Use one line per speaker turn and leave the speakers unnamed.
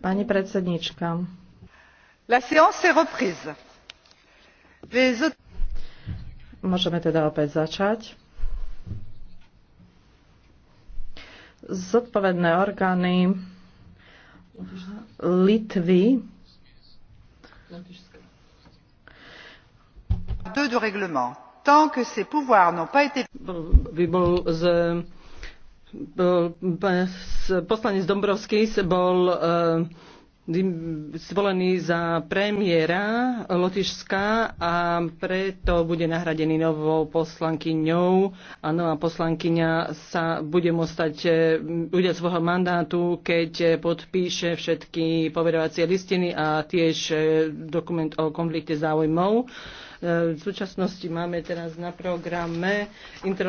Pani predsednička.
La séance est reprise. Les...
Môžeme teda opäť začať. Zodpovedné orgány Litvy
deux de règlement tant que ces pouvoirs n'ont pas été z
poslanec Dombrovský bol eh, zvolený za premiéra Lotyšska a preto bude nahradený novou poslankyňou a nová poslankyňa sa bude môcť stať eh, udiať svojho mandátu, keď eh, podpíše všetky povedovacie listiny a tiež dokument o konflikte záujmov. V súčasnosti máme teraz na programe inter